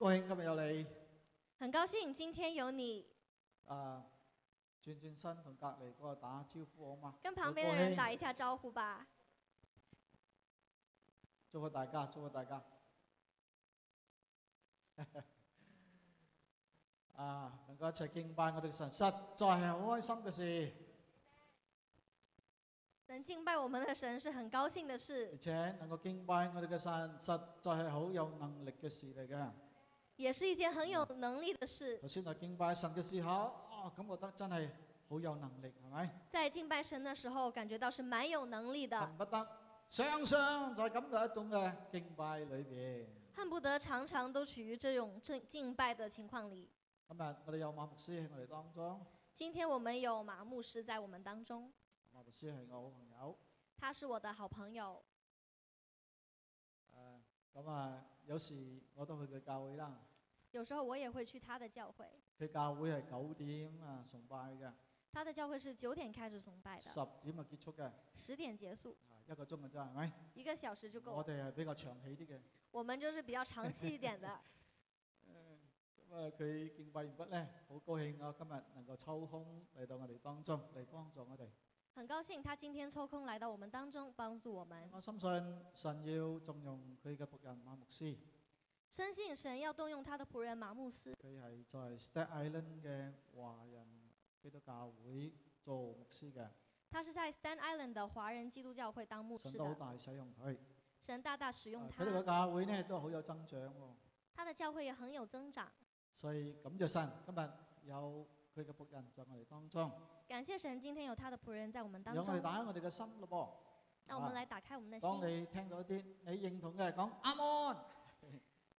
高興今日有你，很高興今天有你。啊，轉轉身同隔籬嗰個打招呼好嗎？跟旁邊嘅人打一下招呼吧。祝福大家，祝福大家。 啊，能夠一齊敬拜我哋嘅神，實在係好開心嘅事。能敬拜我們嘅神是很高興嘅事。而且能夠敬拜我哋嘅神，實在係好有能力嘅事嚟噶。也是一件很有能力的事。頭先在敬拜神嘅時候，哦，咁我覺得真係好有能力，係咪？在敬拜神嘅時候，感覺到是蠻有能力的。恨不得常常在咁嘅一種嘅敬拜裏邊。恨不得常常都處於這種敬拜嘅情況裏。今日我哋有馬牧師喺我哋當中。今天我們有馬牧師在我們當中。馬牧師係我好朋友。他是我的好朋友。咁啊、嗯、啊，有時我都去佢教會啦。有時候我也會去他的教會。佢教會係九點啊崇拜嘅。他的教會是九點開始崇拜的。十點啊結束嘅。十點結束。一個鐘啊真係咪？一個小時就夠。我哋係比較長氣啲嘅。我們就是比較長氣一點嘅。咁 啊、 嗯，佢敬拜完畢咧，好高興啊，今日能夠抽空嚟到我哋當中嚟幫助我哋。很高興他今天抽空嚟到我們當中幫助我們、嗯。我深信神要重用佢嘅僕人馬牧師。深信神要動用他的僕人馬牧師。佢係在 Staten Island 嘅華人基督教會做牧師嘅。他是在 Staten Island 嘅華人基督教會當牧師。神都大使用佢。神大大使用他。佢哋嘅教會呢都好有增長喎、哦。他的教會也很有增長。所以感謝神，今日有佢嘅僕人在我哋當中。感謝神，今天有他的僕人在我們當中。讓我哋打開我哋嘅心咯噃、啊。那我哋來打開我哋嘅心。啊、當你聽到一啲你認同嘅，講阿門。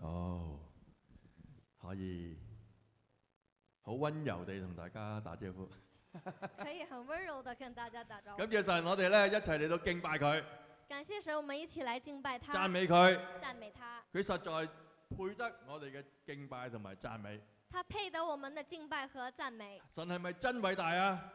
哦、oh,，可以，好溫柔地同大家打招呼。 可以很溫柔地跟大家打招呼。咁感謝神，我哋呢一齊嚟到敬拜佢。感謝神，我們一起來敬拜他。讚美佢，讚美他。佢實在配得我哋嘅敬拜同埋讚美。他配得我們的敬拜和讚美。神係咪真偉大啊？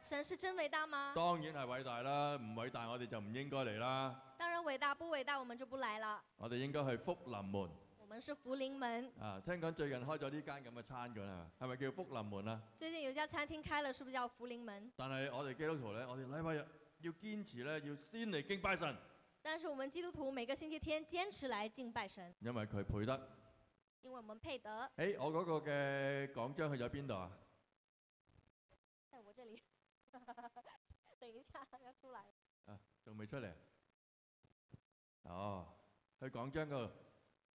神是真偉大嗎？當然係偉大啦，唔偉大我哋就唔應該嚟啦。當然偉大，不偉大我們就不來了。我哋應該去福臨門。我們是門是福臨門啊！聽講最近開咗呢間咁嘅餐館啊，係咪叫福臨門啊？最近有一家餐廳開了，是不是叫福臨門？但係我哋基督徒咧，我哋禮拜日要堅持咧，要先嚟敬拜神。但是我們基督徒每個星期天堅持嚟敬拜神。因為佢配得，因為我們配得。誒、哎，我嗰個嘅講章去咗邊度啊？喺、哎、我這裏， 等一下要出嚟。仲、啊、未出嚟？哦、oh,，去講章嗰度。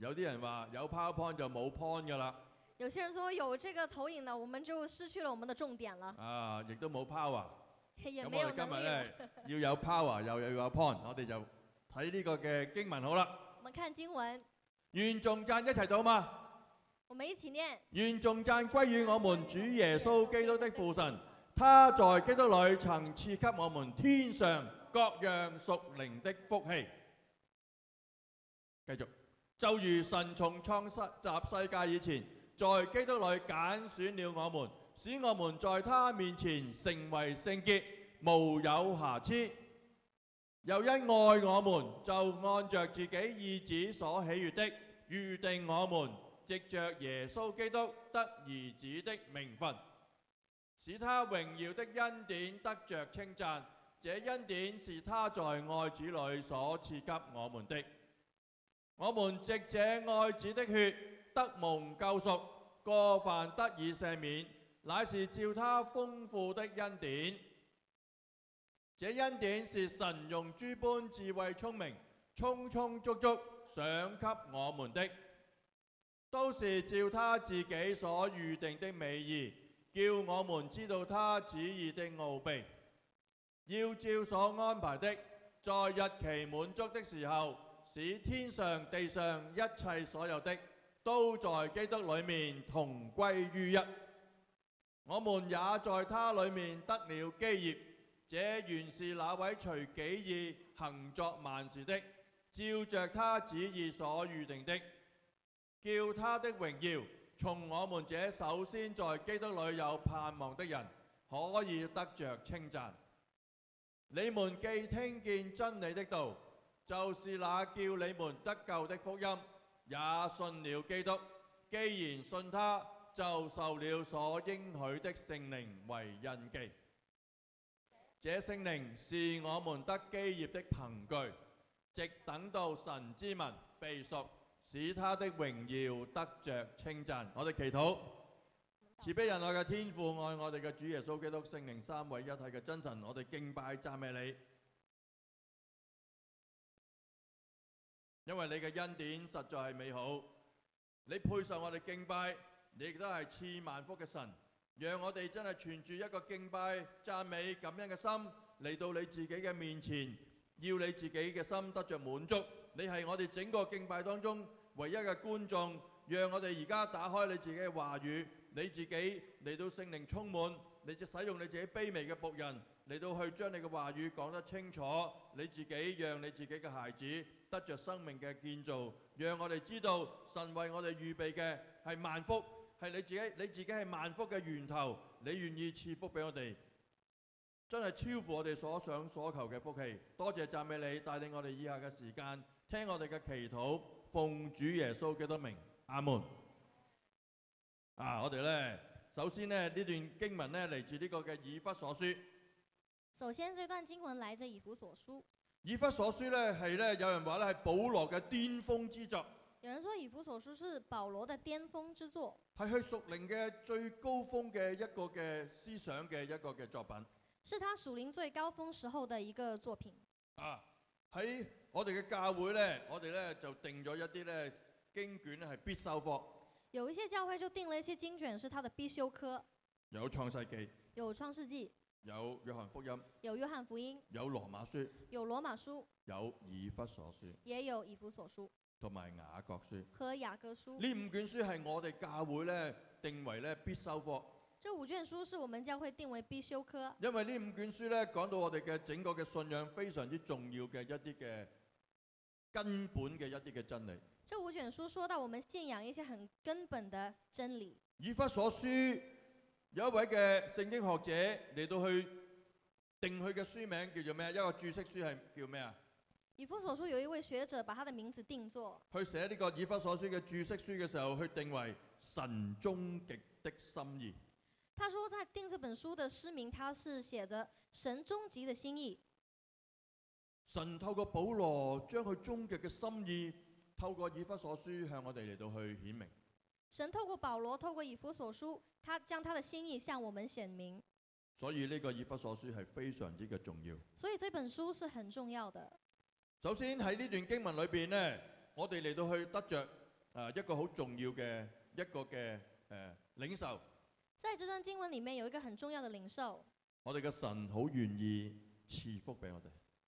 有啲人話有 PowerPoint 就冇 point 噶啦。有些人說有這個投影的，我們就失去了我們的重點了。啊，亦都冇 power。咁 我今日咧要有 power， 又又要有 point，我哋就睇呢個嘅經文好啦。我們看經文。願頌讚一齊做嘛？我們一起念。願頌讚歸於我們主耶穌基督的父神， 他在基督裏曾賜給我們天上各樣屬靈的福氣。繼續。就如神從創世集世界以前，在基督裏揀選了我們，使我們在他面前成為聖潔，無有瑕疵。又因愛我們，就按着自己意旨所喜悅的，預定我們藉着耶穌基督得兒子的名分，使他榮耀的恩典得着稱讚。這恩典是他在愛子裏所賜給我們的。我們藉這愛子的血得蒙救贖，過犯得以赦免，乃是照他豐富的恩典。這恩典是神用諸般智慧聰明，充充足足賞給我們的，都是照他自己所預定的美意，叫我們知道他旨意的奧秘，要照所安排的，在日期滿足的時候。使天上地上一切所有的都在基督裏面同歸於一，我們也在他裏面得了基業，這原是那位隨己意行作萬事的，照着他旨意所預定的，叫他的榮耀從我們這首先在基督裏有盼望的人可以得着稱讚。你們既聽見真理的道，就是那叫你們得救的福音，也信了基督。既然信他，就受了所應許的聖靈為印記。這聖靈是我們得基業的憑據，直等到神之民被贖，使他的榮耀得着稱讚。我哋祈禱，慈悲人類嘅天父愛我哋嘅主耶穌基督聖靈三位一體嘅真神，我哋敬拜讚美你。因為你嘅恩典實在係美好，你配受我哋敬拜，你亦都係賜萬福嘅神。讓我哋真係存住一個敬拜、讚美、感恩嘅心嚟到你自己嘅面前，要你自己嘅心得著滿足。你係我哋整個敬拜當中唯一嘅觀眾。讓我哋而家打開你自己嘅話語，你自己嚟到聖靈充滿。你就使用你自己卑微嘅僕人嚟到去將你嘅話語講得清楚，你自己讓你自己嘅孩子得着生命嘅建造，讓我哋知道神為我哋預備嘅係萬福，係你自己，你自己係萬福嘅源頭，你願意賜福俾我哋，真係超乎我哋所想所求嘅福氣。多謝讚美你，帶領我哋以下嘅時間，聽我哋嘅祈禱，奉主耶穌基督名，阿門。啊，我哋咧。首先呢，呢段經文咧嚟自呢個嘅《以弗所書》。首先，這段經文嚟自《以弗所書》。《以弗所書》咧係咧有人話咧係保羅嘅巔峰之作。有人說《以弗所書》是保羅嘅巔峰之作。係佢屬靈嘅最高峰嘅一個嘅思想嘅一個嘅作品。是他屬靈最高峰時候嘅一個作品。啊！喺我哋嘅教會咧，我哋咧就定咗一啲咧經卷咧係必修課。有一些教會就定了一些經卷是他的必修科，有創世記，有創世記，有約翰福音，有約翰福音，有羅馬書，有羅馬書，有以弗所書，也有以弗所書，同埋雅各書和雅各書。呢五卷書係我哋教會咧定為咧必修科。這五卷書是我們教會定為必修科，因為呢五卷書咧講到我哋嘅整個嘅信仰非常之重要嘅一啲嘅。根本嘅一啲嘅真理。這五卷書說到我們信仰一些很根本的真理。以弗所書有一位嘅聖經學者，你都去定佢嘅書名叫做咩？一個註釋書係叫咩啊？以弗所書有一位學者把他的名字定做。去寫呢個以弗所書嘅註釋書嘅時候，去定為神終極的心意。他說在定這本書的書名，他是寫着神終極的心意。神透過保羅將佢終極嘅心意透過以弗所書向我哋嚟到去顯明。神透過保羅透過以弗所書，他將他的心意向我們顯明。所以呢個以弗所書係非常之嘅重要。所以這本書是很重要的。首先喺呢段經文裡邊呢，我哋嚟到去得着啊一個好重要嘅一個嘅誒、呃、領受。即係這段經文裡面有一個很重要的領受。我哋嘅神好願意賜福俾我哋。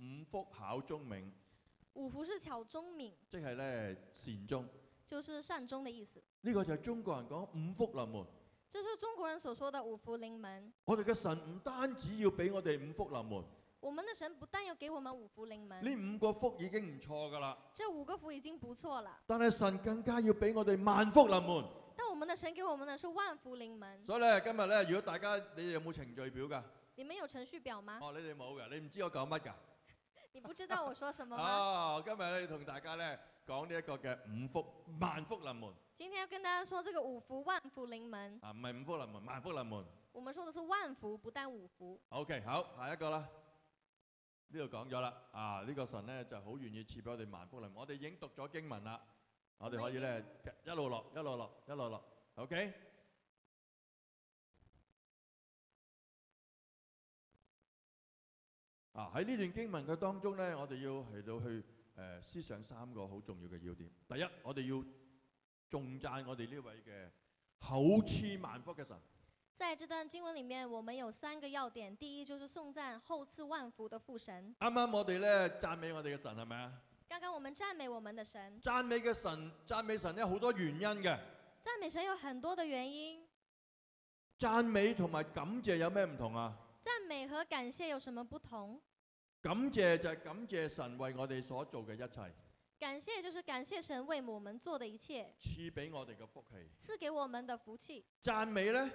五福考中名。五福是巧中名，即係咧善終。就是善終的意思。呢、這個就係中國人講五福臨門，這是中國人所說的五福臨門。我哋嘅神唔單止要俾我哋五福臨門，我們嘅神不單要給我們五福臨門，呢五,五個福已經唔錯噶啦。這五個福已經不錯了。但係神更加要俾我哋萬福臨門，但我們嘅神給我們嘅是萬福臨門。所以咧，今日咧，如果大家你哋有冇程序表噶？你們有程序表嗎？哦，你哋冇噶，你唔知我講乜噶？ 你不知道我說什麼嗎？哦、今日咧要同大家咧講呢一個嘅，五福萬福臨門。今天要跟大家說這個五福萬福臨門。啊，唔係五福臨門，萬福臨門。我們說的是萬福，不但五福。OK，好，下一個啦。呢度講咗啦，啊呢、這個神咧就好願意賜俾我哋萬福臨門。我哋已經讀咗經文啦，我哋可以咧一路落，一路落，一路落。OK。啊！喺呢段經文嘅當中咧，我哋要嚟到去誒、呃、思想三個好重要嘅要點。第一，我哋要頌讚我哋呢位嘅厚賜萬福嘅神。在這段經文裏面，我們有三個要點。第一，就是頌讚厚賜萬福的父神。啱啱我哋咧讚美我哋嘅神係咪啊？剛剛我們讚美我們的神。讚美嘅神，讚美神咧好多原因嘅。讚美神有很多嘅原、原因。讚美同埋感謝有咩唔同啊？讚美和感謝有什麼不同？感謝就係感謝神為我哋所做嘅一切。感謝就是感謝神為我們做的一切。賜俾我哋嘅福氣。賜給我們的福氣。讚美咧？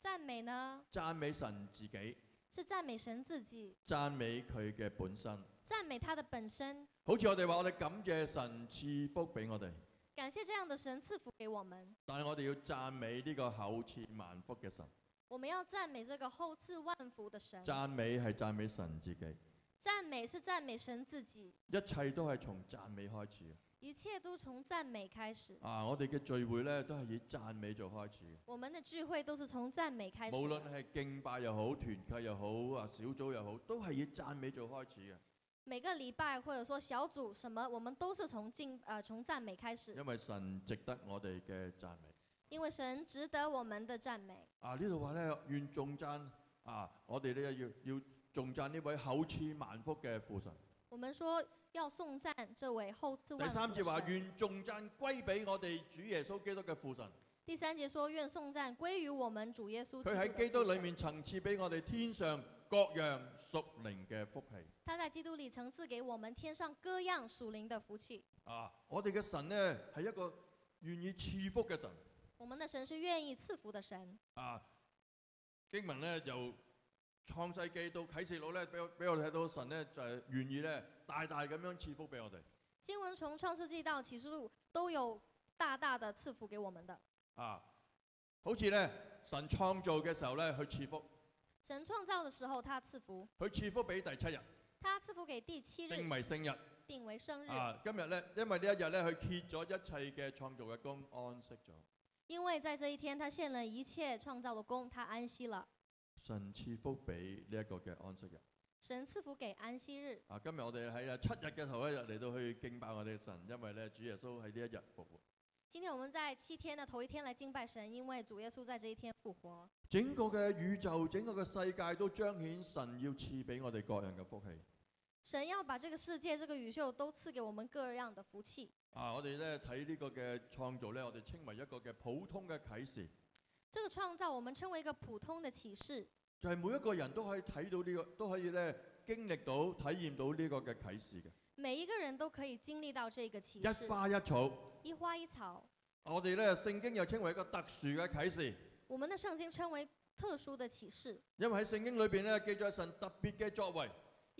讚美呢？讚美神自己。是讚美神自己。讚美佢嘅本身。讚美他的本身。好似我哋話我哋感謝神賜福俾我哋。感謝這樣嘅神賜福給我們。但係我哋要讚美呢個厚賜萬福嘅神。我們要讚美這個厚賜萬福的神。讚美係讚美神自己。讚美是讚美神自己。一切都係從讚美開始。一切都從讚美開始。啊，我哋嘅聚會咧都係以讚美做開始。我們的聚會都是從讚美開始。無論係敬拜又好，團契又好，啊小組又好，都係以讚美做開始嘅。每個禮拜或者說小組什麼，我們都是從敬啊、呃、從讚美開始。因為神值得我哋嘅讚美。因為神值得我們的讚美。啊，呢度話咧，願頌讚啊！我哋呢，要要頌讚呢位厚賜萬福嘅父神。我們說要頌讚這位厚賜，第三節話願頌讚歸俾我哋主耶穌基督嘅父神。第三節說願頌讚歸於我們主耶穌，佢喺基督裏面曾賜俾我哋天上各樣屬靈嘅福氣。他在基督裏曾賜給我們天上各樣屬靈嘅福，福氣。啊！我哋嘅神呢，係一個願意賜福嘅神。我們的神是願意賜福的神。啊，經文呢，由創世紀到啟示錄咧，俾我俾我睇到神咧就係、是、願意咧大大咁樣賜福俾我哋。經文從創世紀到啟示錄都有大大的賜福給我們的。啊，好似咧神創造嘅時候咧去賜福。神創造嘅時候他，他賜福。佢賜福俾第七日。他賜福給第七日。定為聖日。定為生日。啊，今日咧，因為一呢一日咧，佢歇咗一切嘅創造嘅工，安息咗。因為在這一天，他獻了一切創造的工，他安息了。神賜福俾呢一個嘅安息日。神賜福給安息日。啊，今日我哋喺七日嘅頭一日嚟到去敬拜我哋嘅神，因為咧主耶穌喺呢一日復活。今天我們在七天嘅頭一天嚟敬拜神，因為主耶穌在這一天復活。整個嘅宇宙，整個嘅世界都彰顯神要賜俾我哋各人嘅福氣。神要把這個世界、這個宇宙都賜給我們各樣的福氣。啊，我哋咧睇呢個嘅創造咧，我哋稱為一個嘅普通嘅啟示。這個創造，我們稱為一個普通嘅啟示。就係、是、每一個人都可以睇到呢、這個，都可以咧經歷到、體驗到呢個嘅啟示嘅。每一個人都可以經歷到這個啟示。一花一草。一花一草。我哋咧聖經又稱為一個特殊嘅啟示。我們的聖經稱為特殊的啟示。因為喺聖經裏邊咧記載神特別嘅作為。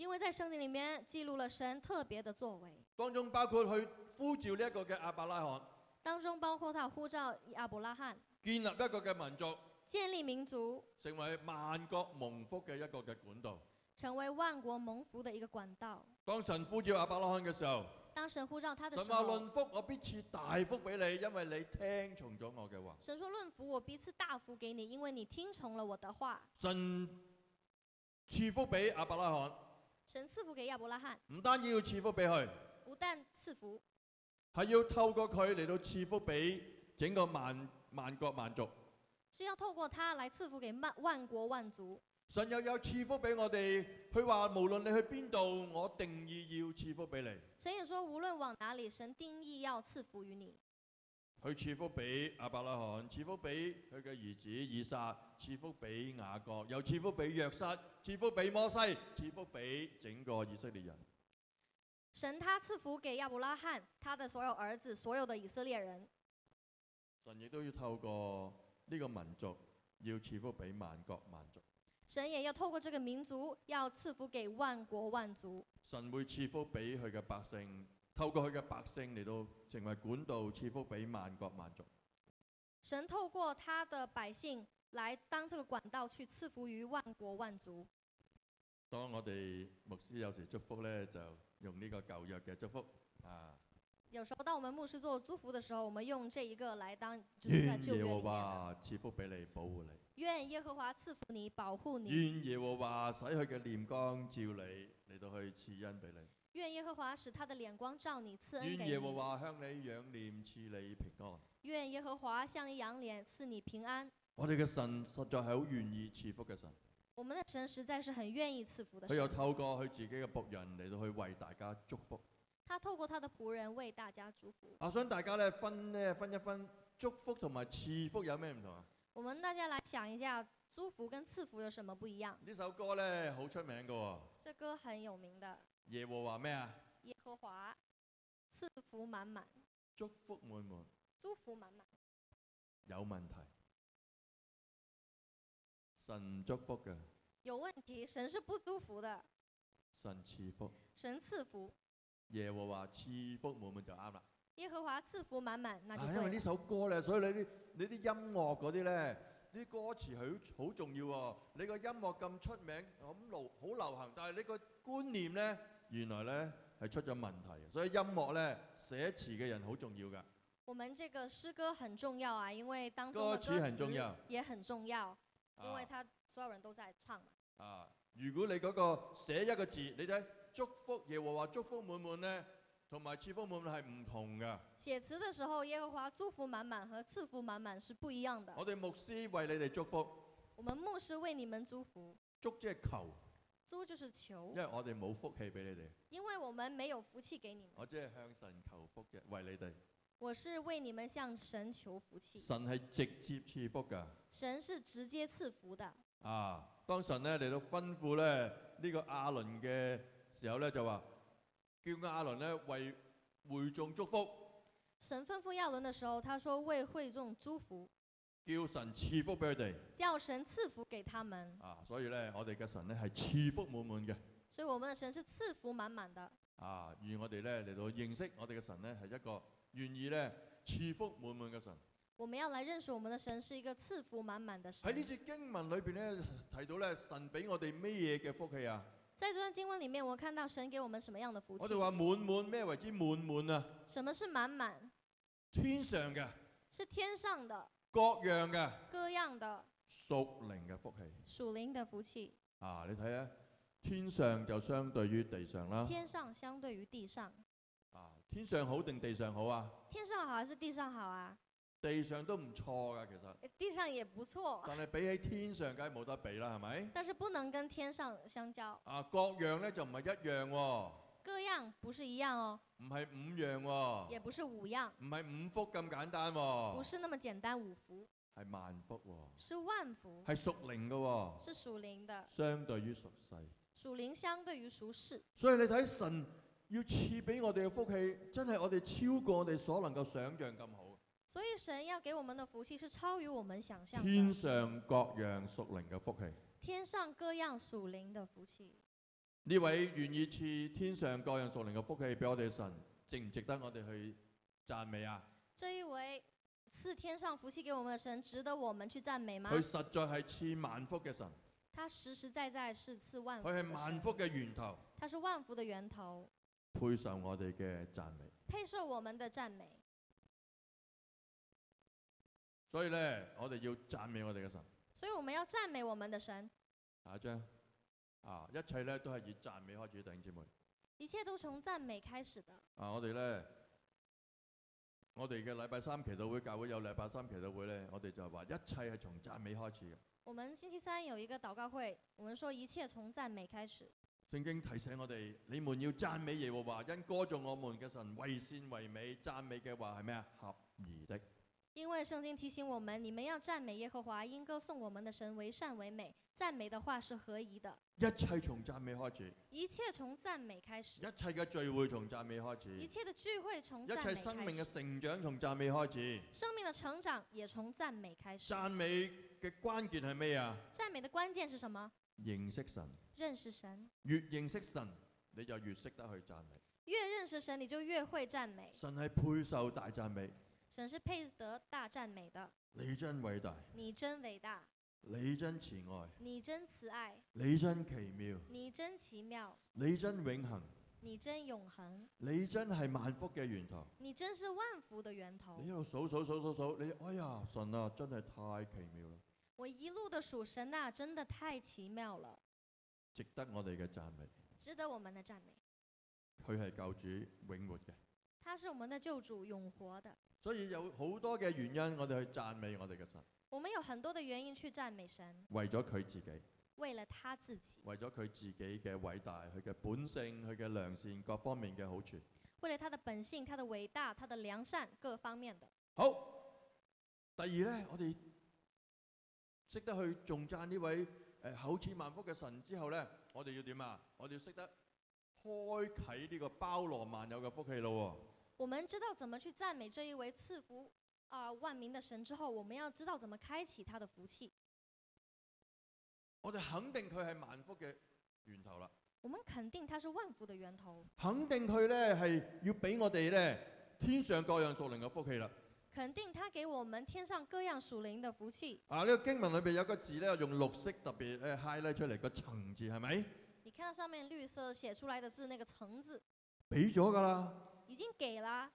因為在聖經裏面記錄了神特別的作為，當中包括去呼召呢一個嘅阿伯拉罕，當中包括他呼召阿伯拉罕，建立一個嘅民族，建立民族，成為萬國蒙福嘅一個嘅管道，成為萬國蒙福嘅一個管道。當神呼召阿伯拉罕嘅時候，當神呼召他的神話論福，我必賜大福俾你，因為你聽從咗我嘅話。神說論福，我必賜大福給你，因為你聽從了我的話。神賜福俾阿伯拉罕。神賜福給亞伯拉罕，唔單止要賜福俾佢，不但賜福，係要透過佢嚟到賜福俾整個萬萬國萬族，是要透過他嚟賜福給萬萬國萬族。神又有賜福俾我哋，佢話，無論你去邊度，我定義要賜福俾你。神也說，無論往哪裏，神定義要賜福於你。佢賜福俾阿伯拉罕，賜福俾佢嘅兒子以撒，賜福俾雅各，又賜福俾約瑟，賜福俾摩西，賜福俾整個以色列人。神他賜福給亞布拉罕，他的所有兒子，所有的以色列人。神亦都要透過呢個民族，要賜福俾萬國萬族。神也要透過這個民族，要賜福給萬國萬族。神會賜福俾佢嘅百姓。透過佢嘅百姓嚟到成為管道，賜福俾萬國萬族。神透過他的百姓來當這個管道，去賜福於萬國萬族。當我哋牧師有時祝福咧，就用呢個舊約嘅祝福啊。有時候當我們牧師做祝福嘅時候，我們用這一個嚟當就算、是、救恩。願耶和華賜福俾你，保護你。願耶和華賜福你，保護你。願耶和華使佢嘅臉光照你，嚟到去賜恩俾你。願耶和華使他的臉光照你，賜恩給你。願耶和華向你仰臉賜你平安。願耶和華向你仰臉賜你平安。我哋嘅神實在係好願意賜福嘅神。我們的神實在是很願意賜福的。佢又透過佢自己嘅僕人嚟到去為大家祝福。他透過他的僕人為大家祝福。我想大家咧分咧分一分，祝福同埋賜福有咩唔同啊？我們大家來想一下，祝福跟賜福有什麼不一樣？呢首歌咧好出名噶哦。這歌很有名的。耶和華咩啊？耶和華賜福滿滿。祝福滿滿。祝福滿滿。有問題？神祝福嘅？有問題，神是不祝福的。神賜福。神賜福。耶和華賜福滿滿就啱啦。耶和華賜福滿滿，那就、啊、因為呢首歌咧，所以你啲你啲音樂嗰啲咧，啲歌詞佢好重要、哦。你個音樂咁出名，咁流好流行，但係你個觀念咧。原來咧係出咗問題，所以音樂咧寫詞嘅人好重要噶。我們這個詩歌很重要啊，因為當中嘅歌詞歌詞很重要，也很重要，啊，因為他所有人都在唱。啊，如果你嗰個寫一個字，你睇，祝福耶和華祝福滿滿咧，滿滿同埋賜福滿滿係唔同噶。寫詞嘅時候，耶和華祝福滿滿和賜福滿滿是不一樣的。我哋牧師為你哋祝福。我們牧師為你們祝福。祝即係求。就是求，因為我哋冇福氣俾你哋，因為我們沒有福氣給你們。我即係向神求福嘅，為你哋。我是為你們向神求福氣。神係直接賜福噶。神是直接賜福的。啊，當神咧嚟到，吩咐咧呢、這個亞倫嘅時候咧，就話叫亞倫呢為會眾祝福。神吩咐亞倫嘅時候，他說為會眾祝福。叫神賜福俾佢哋，叫神賜福給他們啊！所以咧，我哋嘅神咧係賜福滿滿嘅，所以我們嘅神是賜福滿滿嘅。啊！而我哋咧嚟到認識我哋嘅神咧係一個願意咧賜福滿滿嘅神。我們要嚟認識我們嘅神是一個賜福滿滿嘅神。喺呢節經文裏邊咧提到咧神俾我哋咩嘢嘅福氣啊？在這張經文裏面，我看到神給我們什麼樣的福氣，啊？我哋話滿滿咩為之滿滿啊？什麼是滿滿？天上嘅，是天上嘅。各樣嘅，各樣嘅，屬靈嘅福氣，屬靈嘅福氣啊！你睇下、啊，天上就相對於地上啦，天上相對於地上啊，天上好定地上好啊？天上好還是地上好啊？地上都唔錯噶其實地上也不錯、啊，但係比起天上梗係冇得比啦，係咪？但是不能跟天上相交啊！各樣咧就唔係一樣、喎。各樣不是一樣哦，唔係五樣喎、哦，也不是五樣，唔係五福咁簡單喎、哦，不是那麼簡單五福，係萬福喎、哦，是萬福，係屬靈嘅喎，是屬靈的，相對於屬世，屬靈相對於屬世，所以你睇神要賜俾我哋嘅福氣，真係我哋超過我哋所能夠想象咁好，所以神要給我們嘅福氣是超於我們想象，天上各樣屬靈嘅福氣，天上各樣屬靈嘅福氣。呢位願意賜天上各樣屬靈嘅福氣俾我哋嘅神，值唔值得我哋去讚美啊？這一位賜天上福氣給我們的神，值得我們去讚美嗎？佢實在係賜萬福嘅神。他實實在在在是賜萬福。佢係萬福嘅源頭。他是萬福的源頭。配上我哋嘅讚美。配上我們的讚美。所以呢，我哋要讚美我哋嘅神。所以我們要讚美我們的神。下一張。啊！一切咧都係以讚美開始，弟兄姊妹。一切都從讚美開始的。啊，我哋咧，我哋嘅禮拜三祈禱會，教會有禮拜三祈禱會咧，我哋就係話一切係從讚美開始嘅。我們星期三有一個禱告會，我們說一切從讚美開始。聖經提醒我哋，你們要讚美耶和華，因歌頌我們嘅神為善為美，讚美嘅話係咩啊？合宜的。因為聖經提醒我們，你們要讚美耶和華，因歌頌我們的神為善為美，讚美的話是合宜的。一切從讚美開始。一切從讚美開始。一切嘅聚會從讚美開始。一切嘅聚會從讚美開始。一切生命嘅成長從讚美開始。生命的成長也從讚美開始。讚美嘅關鍵係咩啊？讚美的關鍵是什麼？認識神。認識神。越認識神，你就越識得去讚美。越認識神，你就越會讚美。神係配受大讚美。神是配得大讚美的。你真偉大，你真偉大，你真慈愛，你真慈愛，你真奇妙，你真奇妙，你真永恒，你真永恒，你真係萬福嘅源頭，你真是萬福的源頭。你一路數數數數數，你哎呀，神啊，真係太奇妙啦！我一路都數神啊，真的太奇妙了，值得我哋嘅讚美，值得我們嘅讚美。佢係救主永活嘅。他是我們的救主，永活的。所以有好多嘅原因，我哋去讚美我哋嘅神。我們有很多嘅原因去讚美神。為咗佢自己。為了他自己。為咗佢自己嘅偉大，佢嘅本性，佢嘅良善，各方面嘅好處。為了他的本性、他的偉大、他的良善，各方面的。好，第二咧，我哋識得去重讚呢位誒厚賜萬福嘅神之後咧，我哋要點啊？我哋要識得開啟呢個包羅萬有嘅福氣咯。我們知道怎麼去讚美這一位賜福啊、呃、萬民的神之後，我們要知道怎麼開啟他的福氣。我哋肯定佢係萬福嘅源頭啦。我們肯定他是萬福的源頭。肯定佢咧係要俾我哋咧天上各樣屬靈嘅福氣啦。肯定他給我們天上各樣屬靈嘅福氣。啊，呢、這個經文裏邊有個字咧，用綠色特別咧 highlight 出嚟，那個層字，係咪？你睇到上面綠色寫出來嘅字，那個層字。俾咗噶啦。已經給了，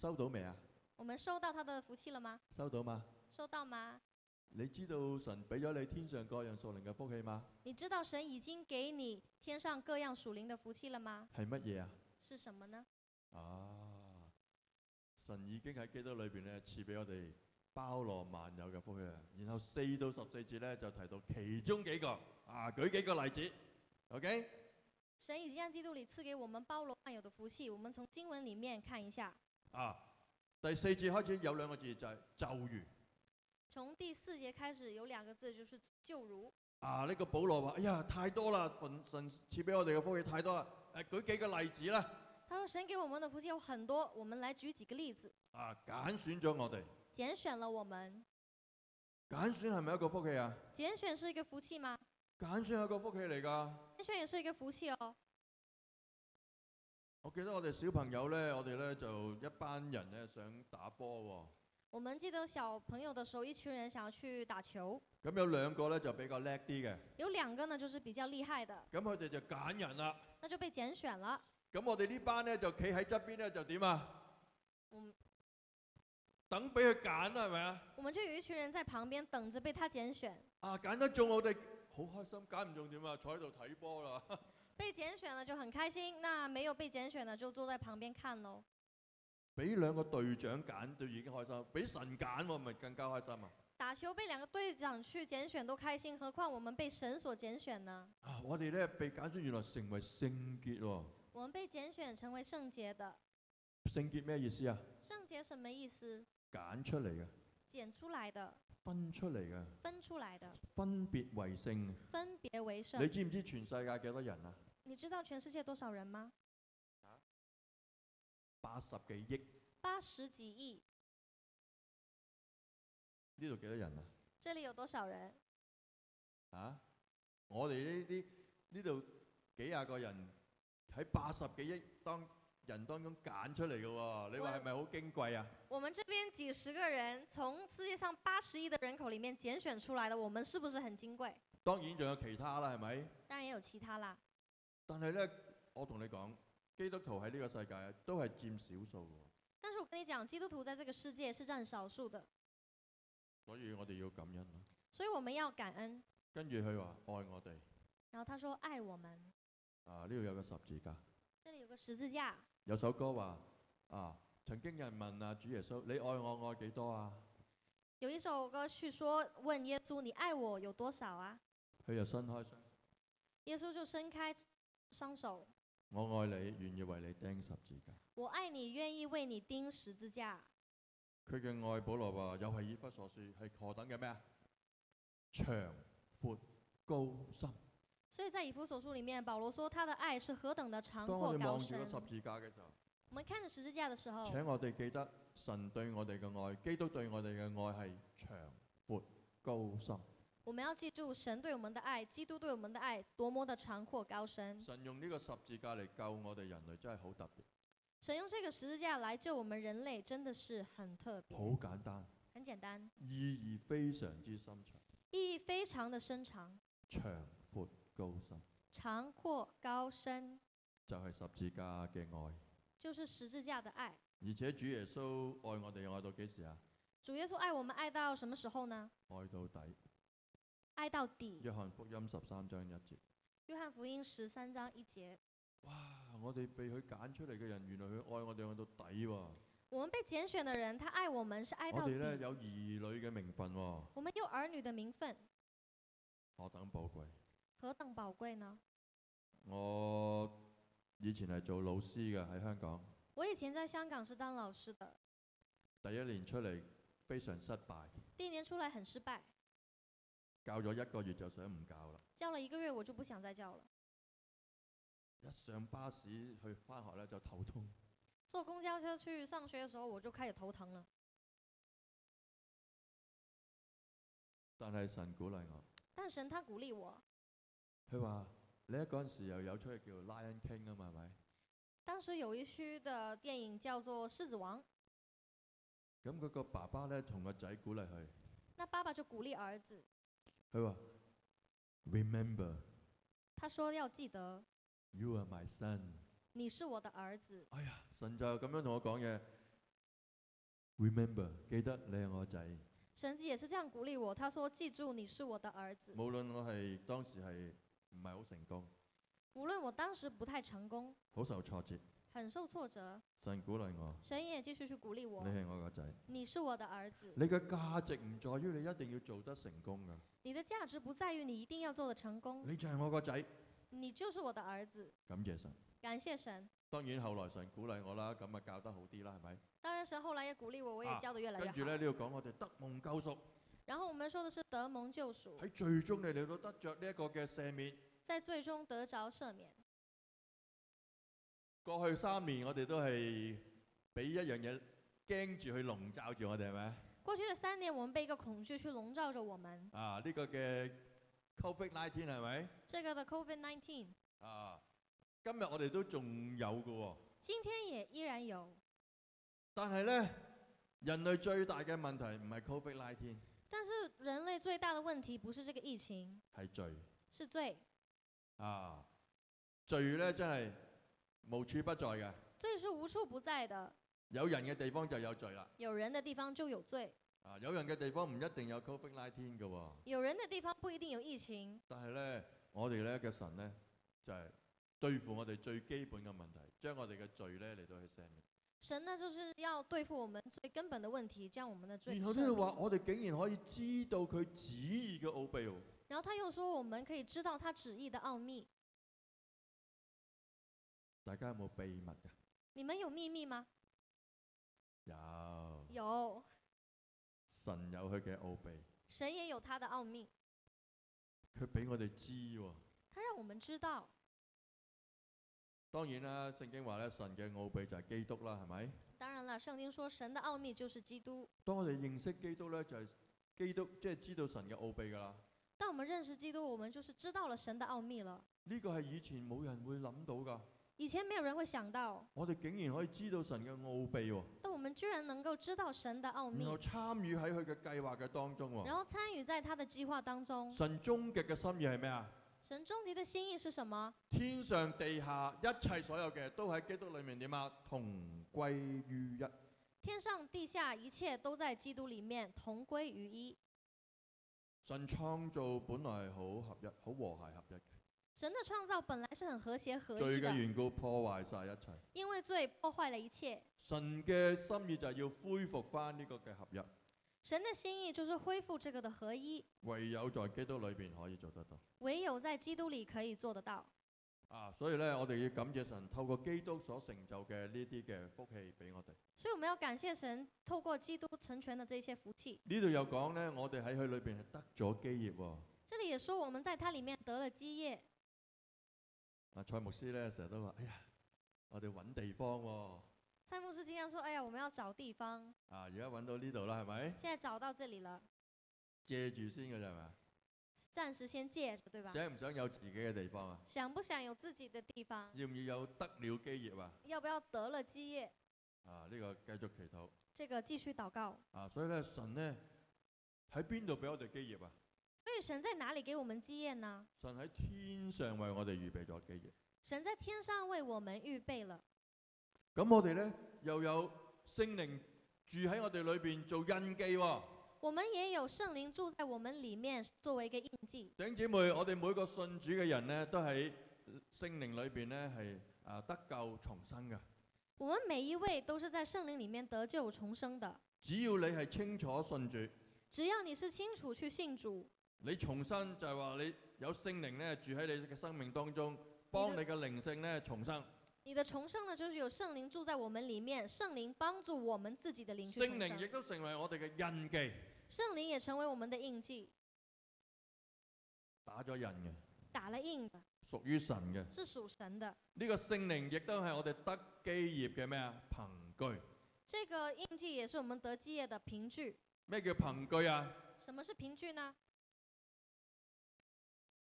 收到未啊？我們收到他的福氣了嗎？收到嗎？收到嗎？你知道神俾咗你天上各樣屬靈嘅福氣嗎？你知道神已經給你天上各樣屬靈嘅福氣了嗎？係乜嘢啊？是什麼呢？啊，神已經喺基督裏邊咧賜俾我哋包羅萬有嘅福氣啊！然後四到十四節咧就提到其中幾個啊，舉幾個例子，OK？神已經基督裏賜給我們包羅萬有的福氣，我們從經文裏面看一下。啊，第四節開始有兩個字就係“就如、是”。從第四節開始有兩個字就是“就如”。啊，呢個保羅話：“哎呀，太多了，神神賜給我哋嘅福氣太多啦，誒、呃，舉幾個例子啦。”他說：“神給我們的福氣有很多，我們來舉幾個例子。”啊，揀選咗我哋。揀選了我們。揀選係咪一個福氣啊？揀選是一個福氣嗎？揀選係一個福氣嚟㗎，揀選也是一個福氣哦。我記得我哋小朋友咧，我哋咧就一班人咧想打波。我們記得小朋友嘅時候，一群人想要去打球。咁有兩個咧就比較叻啲嘅。有兩個呢，就是比較厲害嘅。咁佢哋就揀人啦。那就被揀選了。咁我哋呢班咧就企喺側邊咧就點啊？等俾佢揀啦，係咪啊？我們就有一群人在旁邊等着被他揀選。啊，揀得中我哋。好開心，揀唔中點啊？坐喺度睇波啦！ 被揀選呢就很開心，那沒有被揀選呢就坐在旁邊看咯。俾兩個隊長揀就已經開心，俾神揀我咪更加開心啊！打球被兩個隊長去揀選都開心，何況我們被神所揀選呢？啊、我哋咧被揀選原來成為聖潔喎、哦。我們被揀選成為聖潔的。聖潔咩意思啊？聖潔什麼意思？揀出嚟嘅。揀出嚟嘅。分出嚟嘅，分出來的，分別為聖，分別為聖。你知唔知全世界幾多人啊？你知道全世界多少人嗎？啊？八十幾億。八十幾億。呢度幾多人啊？這裡有多少人？啊？我哋呢啲，呢度幾廿個人喺八十幾億當人當中揀出嚟嘅，哦，你話係咪好矜貴啊？我我們這邊幾十個人，從世界上八十億嘅人口裏面揀選出來嘅，我們是不是很矜貴？當然仲有其他啦，係咪？當然有其他啦。但係咧，我同你講，基督徒喺呢個世界都係佔少數嘅。但是我跟你講，基督徒在這個世界是佔少數嘅，所以我哋要感恩。所以我們要感恩。跟住佢話愛我哋。然後他說愛我們。啊，呢度有個十字架。這裏有個十字架。有首歌話啊，曾經有人問啊主耶穌，你愛我愛幾多啊？有一首歌敘說，問耶穌你愛我有多少啊？佢就伸開雙手，耶穌就伸開雙手。我愛你，願意為你釘十字架。我愛你，願意為你釘十字架。佢嘅愛保羅話又係以弗所書係何等嘅咩啊？長、闊、高、深。所以在以弗所書裏面，保羅說他的愛是何等的長闊高深。我們看着十字架嘅時候，請我哋記得神對我哋嘅愛，基督對我哋嘅愛係長闊高深。我們要記住神對我們的愛，基督對我們的愛多麼的長闊高深。神用呢個十字架嚟救我哋人類，真係好特別。神用這個十字架嚟救我們人類，真的是很特別。好簡單，很簡單，意義非常之深長。意義非常的深長，長。高深，長闊高深，就係、是、十字架嘅愛，就是十字架的愛。而且主耶穌愛我哋愛到幾時啊？主耶穌愛我們愛到什麼時候呢、啊？愛到底，愛到底。約翰福音十三章一節。約翰福音十三章一節。哇！我哋被佢揀出嚟嘅人，原來佢愛我哋愛到底喎、啊。我們被揀選嘅人，他愛我們是愛到底。我哋咧有兒女嘅名分喎、啊。我們有兒女嘅名分，我等寶貴。何等寶貴呢？我以前係做老師嘅，喺香港。我以前在香港是當老師的。第一年出嚟，非常失敗。第一年出嚟，很失敗。教咗一個月就想唔教啦。教了一個月我就不想再教了。一上巴士去返學，咧，就頭痛。坐公交車去上學嘅時候，我就開始頭疼了。但係神鼓勵我。但神他鼓勵我。佢話：你喺嗰陣時又有出嘅叫《Lion King》啊嘛，係咪？當時有一區嘅電影叫做《獅子王》。咁佢個爸爸咧，同個仔鼓勵佢。那爸爸就鼓勵兒子。佢話：Remember。他說要記得。You are my son。你是我的兒子。哎呀，神就咁樣同我講嘢。Remember，記得你係我仔。神子也是這樣鼓勵我，他說：記住，你是我的兒子。無論我係當時係。唔係好成功。無論我當時不太成功，好受挫折，很受挫折。神鼓勵我，神也繼續去鼓勵我。你係我個仔，你是我的兒子。你嘅價值唔在於你一定要做得成功噶。你的價值不在於你一定要做得成功。你就係我個仔，你就是我的兒子。感謝神，感謝神。當然後來神鼓勵我啦，咁啊教得好啲啦，係咪？當然神後來也鼓勵我，我也教得越嚟越好。跟住咧，呢度講我哋得蒙救贖。然後我們說的是德蒙救贖，喺最終你哋都得着呢一個嘅赦免，在最終得着赦免。過去三年我哋都係俾一樣嘢驚住去籠罩住我哋係咪？過去的三年，我們被一個恐懼去籠罩住我們。啊，呢、這個嘅 Covid nineteen 係咪？這個的 Covid nineteen。啊，今日我哋都仲有嘅、哦。今天也依然有。但係咧，人類最大嘅問題唔係 Covid nineteen。但是人類最大的問題不是這個疫情，係罪，是罪，啊罪咧真係無處不在嘅，罪是無處不在的，有人嘅地方就有罪啦，有人嘅地方就有罪，啊有人嘅地方唔一定有 Covid 19㗎喎，有人嘅地方不一定有疫情，但係咧我哋咧嘅神咧就係、是、對付我哋最基本嘅問題，將我哋嘅罪咧嚟到去赦免。神呢，就是要對付我們最根本的問題，將我們的罪。然後呢，就話我哋竟然可以知道佢旨意嘅奧秘。然後他又說，我們可以知道他旨意的奧秘。大家有冇秘密噶啊？你們有秘密嗎？有。有。神有佢嘅奧秘。神也有他的奧秘。佢俾我哋知。他讓我們知道。當然啦，聖經話咧，神嘅奧秘就係基督啦，係咪？當然啦，聖經說神嘅奧秘就是基督。當我哋認識基督咧，就係、是、基督即係、就是、知道神嘅奧秘噶啦。當我們認識基督，我們就是知道了神嘅奧秘了。呢、這個係以前冇人會諗到噶。以前沒有人會想到。我哋竟然可以知道神嘅奧秘、哦。但我們居然能夠知道神嘅奧秘。然後參與喺佢嘅計劃嘅當中、哦。然後參與在他的計劃當中。神終極嘅心意係咩啊？神終極的心意是什麼？天上地下一切所有嘅都喺基督裏面，點啊？同歸於一。天上地下一切都在基督裏面，同歸於一。神創造本來係好合一、好和諧合一。神嘅創造本來是很和諧合一。罪嘅緣故破壞晒一切。因為罪破壞了一切。神嘅心意就係要恢復翻呢個嘅合一。神的心意就是恢復這個的合一，唯有在基督裏邊可以做得到，唯有在基督裏可以做得到。啊，所以咧，我哋要感謝神，透過基督所成就嘅呢啲嘅福氣俾我哋。所以我們要感謝神，透過基督成全的這些福氣。呢度又講咧，我哋喺佢裏邊係得咗基業喎。這裏也說我們在他裏面得了基業。啊，蔡牧師咧成日都話，哎呀，我哋搵地方喎。蔡牧師經常說，哎呀，我們要找地方。啊，而家搵到呢度啦，係咪？現在找到這裏了。借住先嘅啫係嘛。暫時先借住，對吧？想唔想有自己嘅地方啊？想不想有自己的地方？要唔要有得了基業啊？要不要得了基業？啊，呢個繼續祈禱。這個繼續禱告。啊，所以咧，神呢？喺邊度俾我哋基業啊？所以神在哪裏給我們基業呢？神喺天上為我哋預備咗基業。神在天上為我們預備了。咁我哋咧又有聖靈住喺我哋裏邊做印記哦。我們也有聖靈住在我們裏面，作為一個印記。弟兄姊妹，我哋每個信主嘅人咧，都喺聖靈裏邊咧係啊得救重生嘅。我們每一位都是在聖靈裏面得救重生的。只要你係清楚信主。只要你是清楚去信主。你重生就係話你有聖靈咧住喺你嘅生命當中，幫你嘅靈性咧重生。你的重生呢，就是有聖靈住在我們裡面，聖靈幫助我們自己的靈性。聖靈亦都成為我哋嘅印記。聖靈也成為我們的印記。打咗印嘅。打了印。屬於神嘅。是屬神嘅。呢個聖靈亦都係我哋得基業嘅咩啊？憑據。這個印記也是我們得基業嘅憑據。咩叫憑據啊？什麼是憑據呢？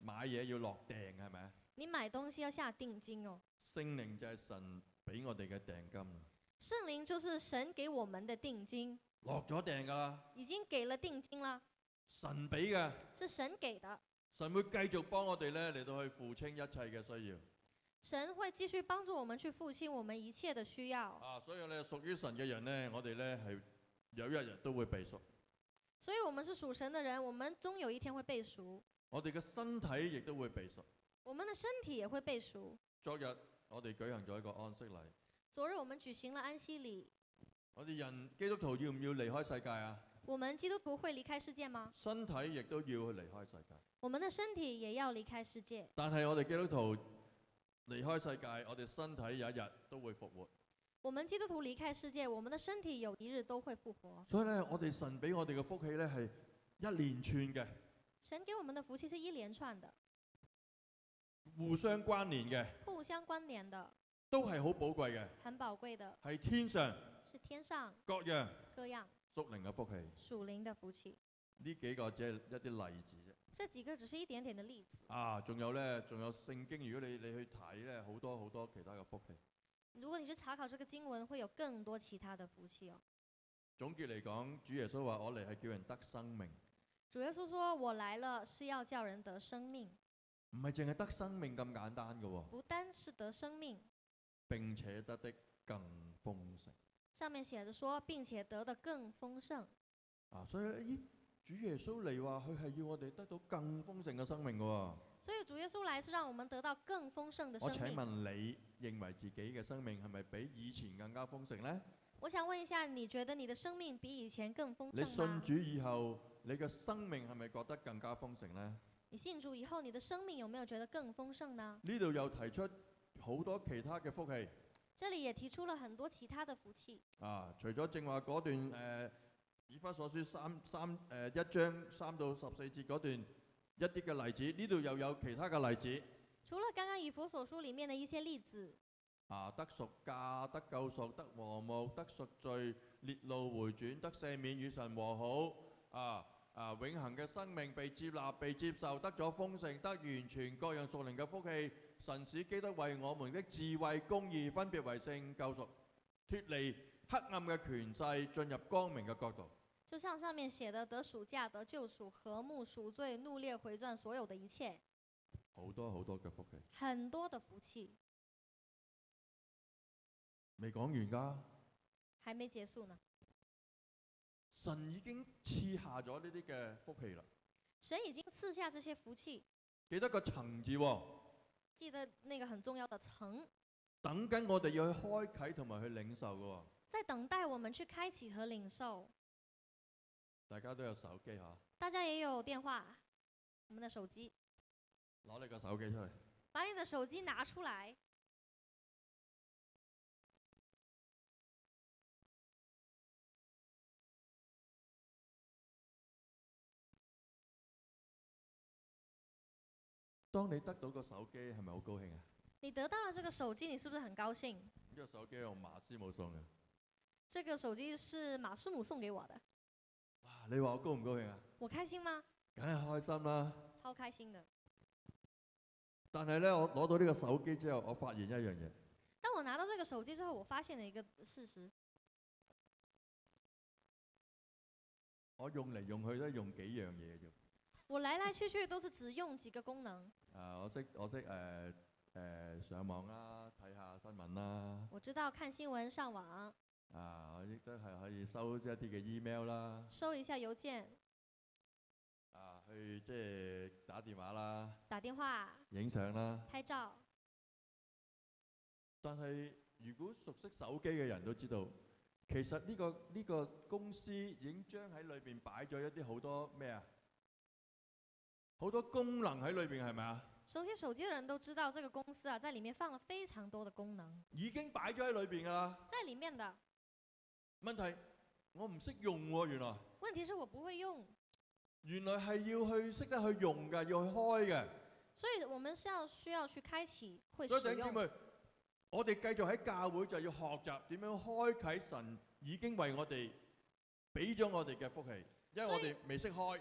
買嘢要落訂係咪啊？你買東西要下定金哦。聖靈就係神俾我哋嘅定金。聖靈就是神給我們的定金。落咗訂噶啦。已經給了定金啦。神俾嘅。是神給的。神會繼續幫我哋咧嚟，到去付清一切嘅需要。神會繼續幫助我們去付清我們一切嘅需要。啊，所以咧，屬於神嘅人咧，我哋咧係有一日都會被贖。所以我們是屬神嘅人，我們終有一天會被贖。我哋嘅身體亦都會被贖。我們的身體也會背熟。昨日我哋舉行咗一個安息禮。昨日我們舉行了安息禮。我哋人基督徒要唔要離開世界啊？我們基督徒會離開世界嗎？身體亦都要去離開世界。我們的身體也要離開世界。但係我哋基督徒離開世界，我哋身體有一日都會復活。我們基督徒離開世界，我，我們的身體有一日都會復活。所以呢，我哋神俾我哋嘅福氣呢，係一連串嘅。神給我們的福氣是一連串的。互相關聯嘅，互相關聯的，都係好寶貴嘅，很寶貴的，係天上，是天上，各樣，各樣，屬靈嘅福氣，屬靈的福氣。呢幾個只係一啲例子啫，這幾個只是一點點嘅例子。啊，仲有咧，仲有聖經，如果你你去睇咧，好多好多其他嘅福氣。如果你去查考這個經文，會有更多其他嘅福氣哦。總結嚟講，主耶穌話：我嚟係叫人得生命。主耶穌說我來了是要叫人得生命。唔係淨係得生命咁簡單噶、哦，不單是得生命，並且得的更豐盛。上面寫着說，並且得的更豐盛、啊。所以主耶穌嚟話，佢係要我哋得到更豐盛嘅生命噶、哦。所以主耶穌嚟，是讓我們得到更豐盛嘅生命。我請問你認為自己嘅生命係咪比以前更加豐盛呢？我想問一下，你覺得你嘅生命比以前更豐盛？你信主以後，你嘅生命係咪覺得更加豐盛呢？.你信主以後，你的生命有沒有覺得更豐盛呢？呢度又提出好多其他嘅福氣。這裏也提出了很多其他的福氣。啊，除咗正話嗰段誒、呃《以弗所書》三、三誒、呃、一章三到十四節嗰段一啲嘅例子，呢度又有其他嘅例子。除了剛剛《以弗所書》裏面嘅一些例子。啊，得贖價，得救贖，得和睦，得贖罪，烈怒回轉，得赦免，與神和好。啊。啊！永恆嘅生命被接納、被接受，得咗豐盛，得完全各樣屬靈嘅福氣。神使基督為我們的智慧、公義分別為聖救贖，脫離黑暗嘅權勢，進入光明嘅國度。就像上面寫的，得暑假，得救贖，和睦，贖罪，怒烈回轉，所有的一切，好多好多嘅福氣，很多的福氣。未講完㗎。還沒結束呢。神已經賜下咗呢啲嘅福氣啦。神已經賜下這些福氣。記得個層字喎。記得那個很重要的層。等緊我哋要去開啓同埋去領受嘅喎。在等待我們去開啓和領受。大家都有手機啊，大家也有電話，我們的手機。攞你個手機出嚟。把你的手機拿出嚟。當你得到個手機，係咪好高興啊？你得到了這個手機，你是不是很高興？呢、這個手機用馬師母送嘅。這個手機是馬師母送給我的。你話我高唔高興啊？我開心嗎？梗係開心啦、啊。超開心嘅。但係咧，我攞到呢個手機之後，我發現一樣嘢。當我拿到呢個手機之後，我發現了一個事實。我用嚟用去都係用幾樣嘢嘅。我來來去去都是只用幾個功能。誒、啊，我識我識誒誒、呃呃、上網啦，睇下新聞啦。我知道看新聞上網。啊，亦都係可以收一啲嘅 email 啦。收一下郵件。啊，去即係、就是、打電話啦。打電話。影相啦。拍照。但係如果熟悉手機嘅人都知道，其實呢、這個呢、這個公司已經將喺裏邊擺咗一啲好多咩啊？好多功能喺裏邊係咪啊？首先手機嘅人都知道，這個公司啊，在裏面放了非常多嘅功能。已經擺咗喺裏邊噶啦。在裏面嘅問題我唔識用喎、啊，原來。問題是我不會用。原來係要去識得去用噶，要去開嘅。所以我們需要需要去開啟，會使用。所以我哋繼續喺教會就要學習點樣開啟神已經為我哋俾咗我哋嘅福氣，因為我哋未識開。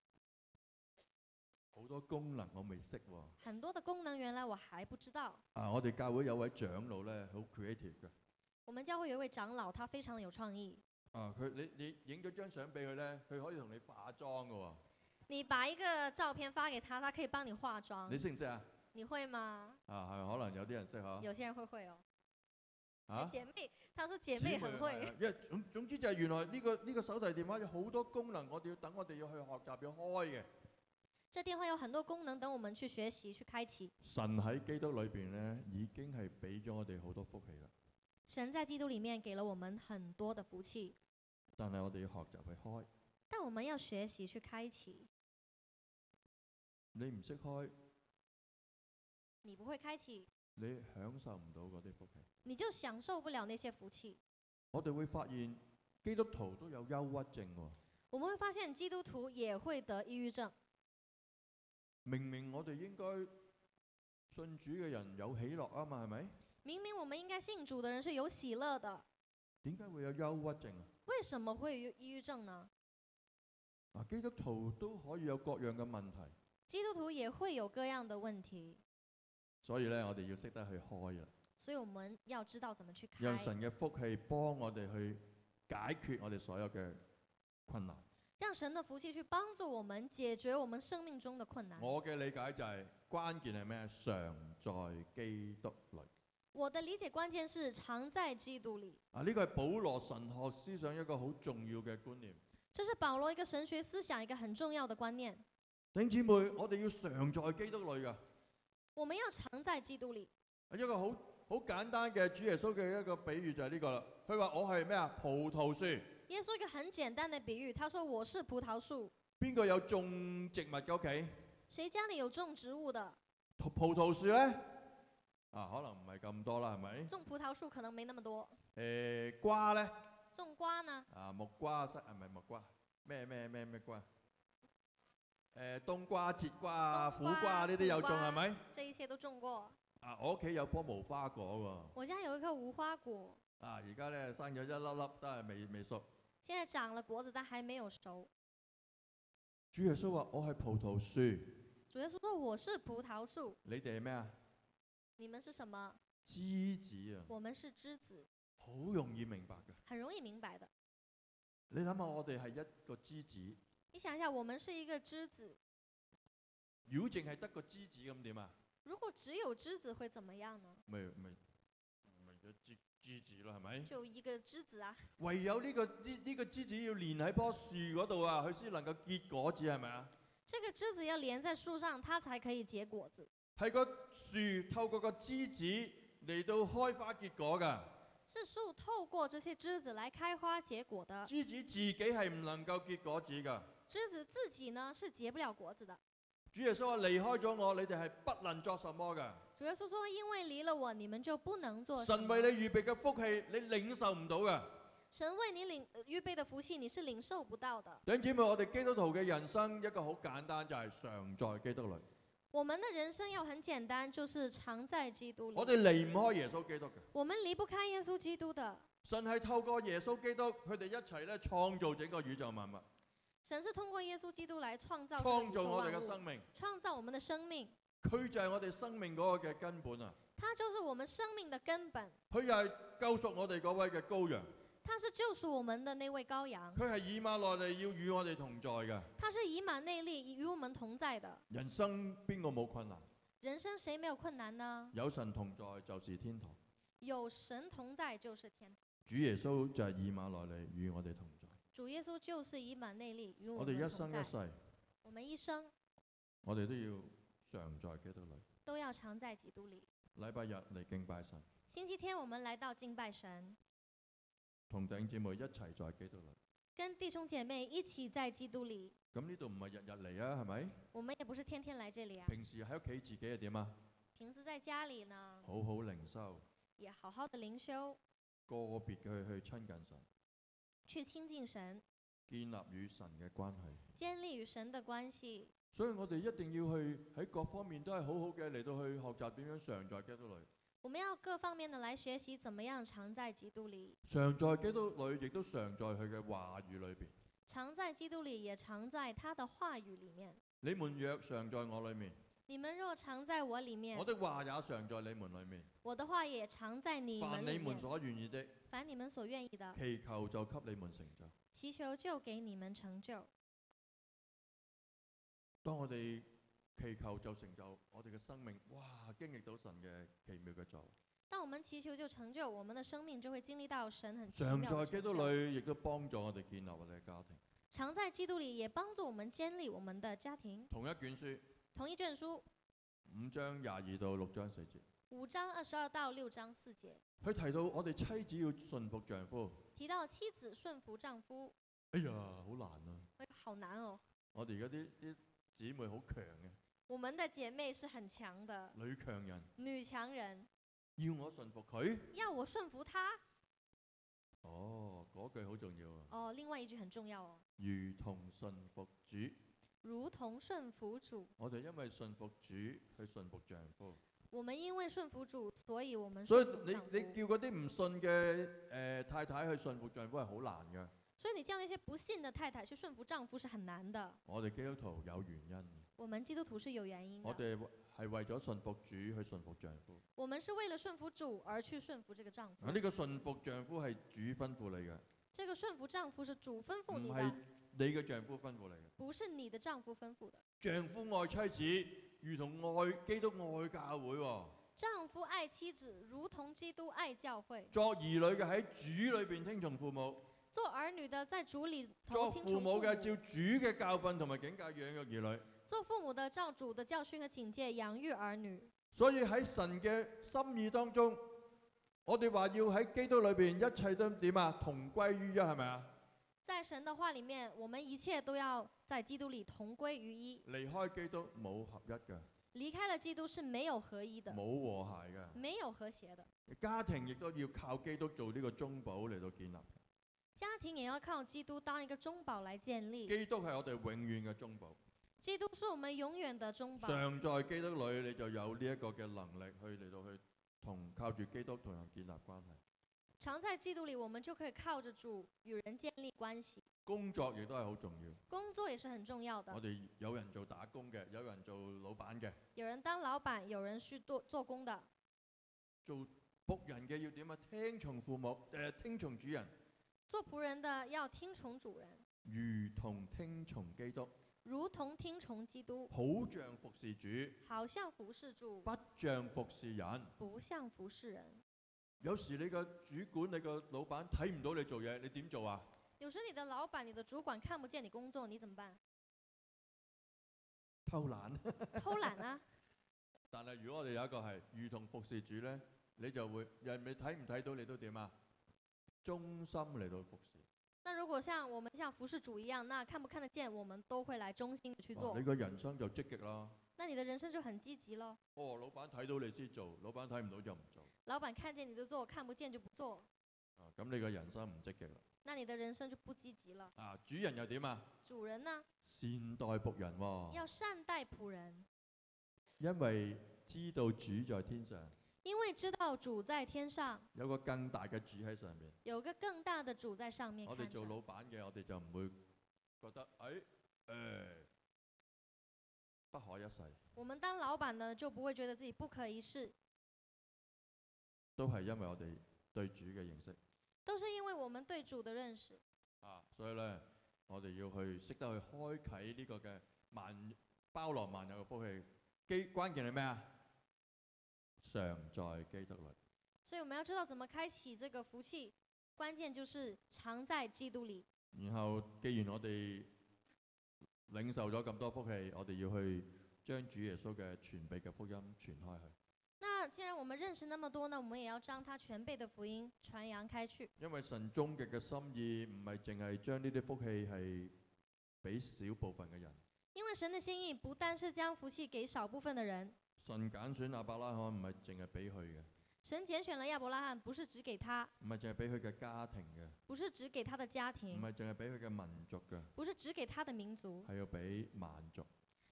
好多功能我未識喎、哦啊。很多的功能原來我還不知道。啊，我哋教會有位長老咧，好 creative 嘅。我們教會有一位長老，他非常有創意。啊，佢你你影咗張相俾佢咧，佢可以同你化妝噶喎。你把一個照片發給他，他可以幫你化妝。你識唔識啊？你會嗎？啊，係可能有啲人識嗬。有些人會會哦。啊、姐妹，她說姐妹，姐妹很會。因為 總總之就係原來呢、這個呢、這個手提電話有好多功能，我哋要等我哋要去學習要開嘅。這電話有很多功能，等我們去學習去開啟。神喺基督裏邊咧，已經係俾咗我哋好多福氣啦。神在基督裏面給了我們很多的福氣，但係我哋要學習去開。但我們要學習去開啟。你唔識開，你不會開啟，你享受唔到嗰啲福氣，你就享受不了那些福氣。我哋會發現基督徒都有憂鬱症喎、哦。我們會發現基督徒也會得抑鬱症。明明我哋應該信主嘅人有喜樂啊嘛，係咪？明明我們應該信主嘅人是有喜樂的，點解會有憂鬱症？為什麼會有抑鬱症呢？啊，基督徒都可以有各樣嘅問題。基督徒也會有各樣嘅問題。所以咧，我哋要識得去開啊。所以我們要知道怎麼去開。讓神嘅福氣幫我哋去解決我哋所有嘅困難。讓神的福氣去幫助我們解決我們生命中的困難。我嘅理解就係關鍵係咩？常在基督裏。我的理解關鍵是常在基督裏。啊，呢、這個係保羅神學思想一個好重要嘅觀念。這是保羅一個神學思想一個很重要嘅觀念。弟兄姊妹，我哋要常在基督裏噶。我們要常在基督裏。一個好好簡單嘅主耶穌嘅一個比喻就係呢個啦。佢話我係咩啊？葡萄樹。耶穌一個很簡單嘅比喻，他說我是葡萄樹。邊個有種植物嘅屋企？誰家裏有種植物的？葡萄樹咧，啊，可能唔係咁多啦，係咪？種葡萄樹可能沒那麼多。誒、欸，瓜咧？種瓜呢？啊，木瓜，唔係、啊、木瓜？咩咩咩咩瓜？誒、啊，冬瓜、節瓜啊、苦瓜呢啲有種係咪？這一切都種過。啊，我屋企有棵無花果喎。我家有一棵無花果。啊，而家咧生咗一粒粒都係未未熟。現在長了果子，但還沒有熟。主耶穌話：“我係葡萄樹。”主耶穌說：“我是葡萄樹。”你哋係咩啊？你們是什麼？枝子啊！我們是枝子。好容易明白嘅。很容易明白的。你諗下，我哋係一個枝子。你想一下，我們是一個枝子。如果淨係得個枝子咁點啊？如果只有枝子會怎麼樣呢？係咪？就一個枝子啊！唯有呢個呢呢個枝子要連喺棵樹嗰度啊，佢先能夠結果子，係咪啊？這個枝子要連在樹上，它才可以結果子。係個樹透過個枝子嚟到開花結果噶。是樹透過這些枝子嚟開花結果的。枝子自己係唔能夠結果子噶。枝子自己呢，是結不了果子的。主耶穌話：離開咗我，你哋係不能作什麼噶。主要是說，因為離了我，你們就不能做神為你預備嘅福氣，你領受唔到嘅。神為你領預備的福氣，你是領受不到的。弟兄姊妹，我哋基督徒嘅人生一個好簡單，就係、是、常在基督裏。我們的人生又很簡單，就是常在基督裏。我哋離唔開耶穌基督嘅。我們離不開耶穌基督的。神係透過耶穌基督，佢哋一齊咧創造整個宇宙萬物。神是通過耶穌基督來創造。創造我哋嘅生命。創造我們的生命。佢就係我哋生命嗰個嘅根本啊！它就是我們生命嘅根本。佢又係救贖我哋嗰位嘅羔羊。它是救贖我們的那位羔羊。佢係以馬內利，要與我哋同在嘅。它是以馬內利，與我們同在的。人生邊個冇困難？人生誰沒有困難呢？有神同在就是天堂。有神同在就是天堂。主耶穌就係以馬內利，與我哋同在。主耶穌就是以馬內利，與我我哋一生一世。我們一生。我哋都要。常在基督裏，都要常在基督裏。禮拜日嚟敬拜神，星期天我們來到敬拜神，同弟兄姐妹一齊在基督裏，跟弟兄姐妹一起在基督裏。咁呢度唔係日日嚟啊，係咪？我們也不是天天嚟這裏啊。平時喺屋企自己係點啊？平時在家裏呢，好好靈修，也好好的靈修，個個別去去親近神，去親近神，建立與神嘅關係，建立與神嘅關係。所以我哋一定要去喺各方面都係好好嘅，嚟到去學習點樣常在基督裏。我們要各方面的來學習，怎麼樣常在基督裏？常在基督裏，亦都常在佢嘅話語裏邊。常在基督裏，也常在他的話語裏面。你們若常在我裏面，你們若常在我裏面，我的話也常在你們裏面。我的話也常在你們。凡你們所願意的，凡你們所願意的，祈求就給你們成就。祈求就給你們成就。當我哋祈求就成就我哋嘅生命，哇！經歷到神嘅奇妙嘅作為。當我們祈求就成就我們嘅生命，就會經歷到神很奇妙嘅作為。常在基督裏，亦都幫助我哋建立我哋嘅家庭。常在基督裏，也幫助我們建立我們嘅家，家庭。同一卷書。同一卷書。五章廿二到六章四節。五章二十二到六章四節。佢提到我哋妻子要順服丈夫。提到妻子順服丈夫。哎呀，好難啊。哎，好難哦。我哋而家啲啲。姊妹好強嘅，我們的姐妹是很強的，女強人，女強人，要我順服佢，要我順服他，哦，嗰句好重要啊，哦，另外一句很重要哦，如同順服主，如同順服主，我哋因為順服主去順服丈夫，我們因為順服主，所以我們所以你你叫嗰啲唔信嘅誒、呃、太太去順服丈夫係好難嘅。所以你叫那些不信的太太去順服丈夫是很難的。我哋基督徒有原因。我們基督徒是有原因。我哋係為咗順服主去順服丈夫。我們是為了順服主而去順服這個丈夫。呢個順服丈夫係主吩咐你嘅。這個順服丈夫是主吩咐你。唔係你嘅丈夫吩咐你嘅。不是你嘅丈夫吩咐的。丈，丈夫愛妻子，如同愛基督愛教會。丈夫愛妻子，如同基督愛教會。作兒女嘅喺主裏邊聽從父母。做兒女的在主裏聽從父母嘅，照主嘅教訓同埋警戒養育兒女。做父母的照主的教訓和警戒養育兒女。所以喺神嘅心意當中，我哋話要喺基督裏邊，一切都點啊？同歸於一係咪啊？在神嘅話裏面，我們一切都要在基督裏同歸於一。離開基督冇合一嘅。離開了基督是沒有合一的。冇和諧嘅。沒有和諧的。家庭亦都要靠基督做呢個中保嚟到建立。家庭也要靠基督當一個中保來建立。基督係我哋永遠嘅中保。基督是我們永遠的中保。常在基督裏，你就有呢一個嘅能力去嚟到去同靠住基督同人建立關係。常在基督裏，我們就可以靠着主與人建立關係。工作亦都係好重要。工作也是很重要的。我哋有人做打工嘅，有人做老闆嘅。有人當老闆，有人去做做工的。做僕人嘅要點啊？聽從父母，誒、呃，聽從主人。做僕人的要聽從主人，如同聽從基督，如同聽從基督，好像服侍主，好像服侍主，不像服侍人，不像服侍人。有時你嘅主管、你嘅老闆睇唔到你做嘢，你點做啊？有時你的老闆、你的主管看唔見你工作，你怎麼辦？偷懶， 偷懶啊！ 但係如果我哋有一個係如同服侍主咧，你就會人你睇唔睇到你都點啊？忠心嚟到服侍。那如果像我們像服侍主一樣，那看不看得見，我們都會來忠心去做。你嘅人生就積極咯。那你的人生就很積極咯。哦，老闆睇到你先做，老闆睇唔到就唔做。老闆看見你就做，看不見就不做。咁你嘅人生唔積極啦。那你嘅人，人生就不積極了。啊，主人又點啊？主人呢？善待僕人，哦。要善待僕人，因為知道主在天上。因為知道主在天上，有個更大嘅主喺上面，有個更大的主在上面。我哋做老闆嘅，我哋就唔會覺得誒誒、哎哎、不可一世。我們當老闆呢，就唔會覺得自己不可一世。都係因為我哋對主嘅認識，都是因為我們對主嘅認識啊。所以呢，我哋要去識得去開啟呢個嘅萬包羅萬有嘅福氣。基關鍵係咩啊？常在基督裏，所以我們要知道怎麼開啟這個福氣，關鍵就是常在基督裏。然後既然我哋領受咗咁多福氣，我哋要去將主耶穌嘅全備嘅福音傳開去。那既然我們認識那麼多呢，我們也要將他全備嘅福音傳揚開去。因為神終極嘅心意唔係淨係將呢啲福氣係俾少部分嘅人，因為神嘅心意不單是將福氣給少部分嘅人。神揀選阿伯拉罕，唔係淨係俾佢嘅。神揀選了亞伯拉罕，不是只給他。唔係淨係俾佢嘅家庭嘅。不是只給他的家庭。唔係淨係俾佢嘅民族嘅。不是只給他的民族。係要俾萬族。